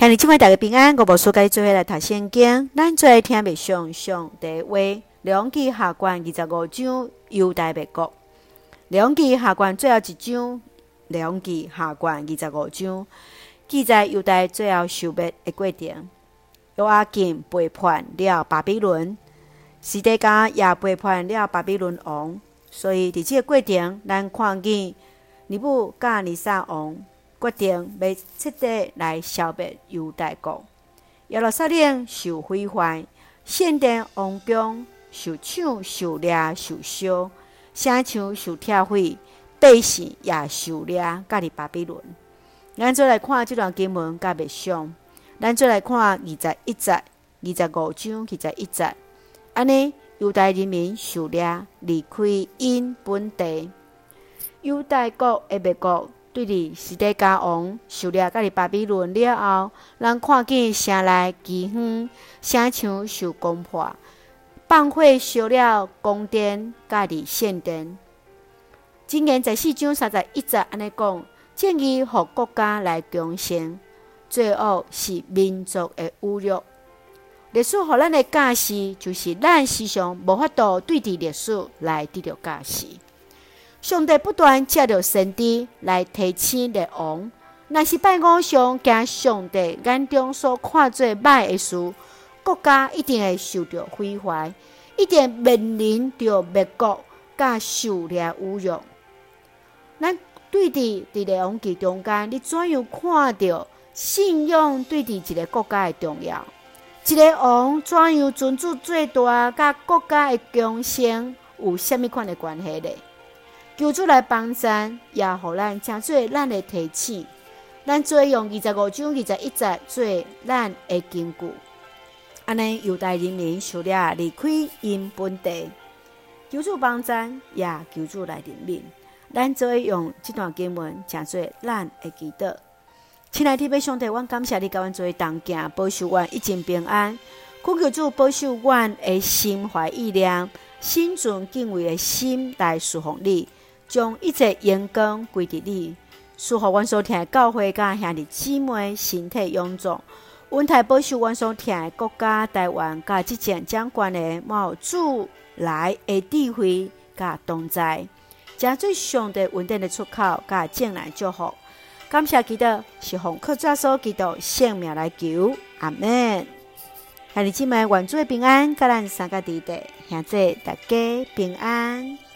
看你今晚帶個平安，我無須該做伙來讀聖經。咱在聽未上上帝的話。列王紀下卷二十五章猶大滅國，列王紀下卷最後一章，列王紀下卷二十五章記載猶大最後受滅的過程。約雅敬背叛了巴比倫，西底家也背叛了巴比倫王，所以佇即個過程，咱看見尼布甲尼撒王。決定要徹底來消滅猶大國，耶路撒冷受毀壞，聖殿王宮受搶、受掠、受燒，城牆受拆毀，百姓也受掠，加哩巴比倫。咱再來看即段經文加別上，咱再來看二十一節、二十五章、二十一節，安尼猶大人民受掠，離開因本地，猶大國,國、滅國。對的，西底家王受了家的巴比倫了後，人看見城內饑荒，城牆受攻破，放火燒了宮殿，家的聖殿。箴言十四章三十四節按呢講，正義互國家來強盛，最後是民族的侮辱。歷史互咱的教示就是咱時常無法度對佇，歷史來得到教示。上帝不斷藉著先知來提醒列王，若是拜偶像，行上帝眼中所看做歹的事，國家一定會受到毀壞，一定面臨着滅國佮受掠侮辱。咱對的佇列王紀中間，你怎樣看到信仰對的一個國家的重要？一個王怎樣尊主最大甲國家的強盛，有甚物款的關係呢？求主來幫助，也互咱成做咱的提醒。咱做用二十五章二十一節做咱的金句。按呢，猶大人民受掠離開 𪜶 本地，求主幫助，也求主來憐憫。咱做用這段經文，成做咱的祈禱。親愛的弟妹兄弟兄，我感謝你甲阮做伙同行，保守阮一切平安。求，求主保守阮的心懷意念，心存敬畏的心來事奉你。將一切榮光，歸佇你，賜福阮所疼的教會甲兄弟姊妹，身體強壯。恩待保守阮所疼的國家台灣，執政掌權的滿有主來的智慧，甲同在，成做上帝恩典的出口，甲眾人的祝福。感謝祈禱，是奉靠主耶穌基督的聖名來求。阿門。兄弟姊妹，願主的平安，甲咱三個弟弟，兄在大家平安。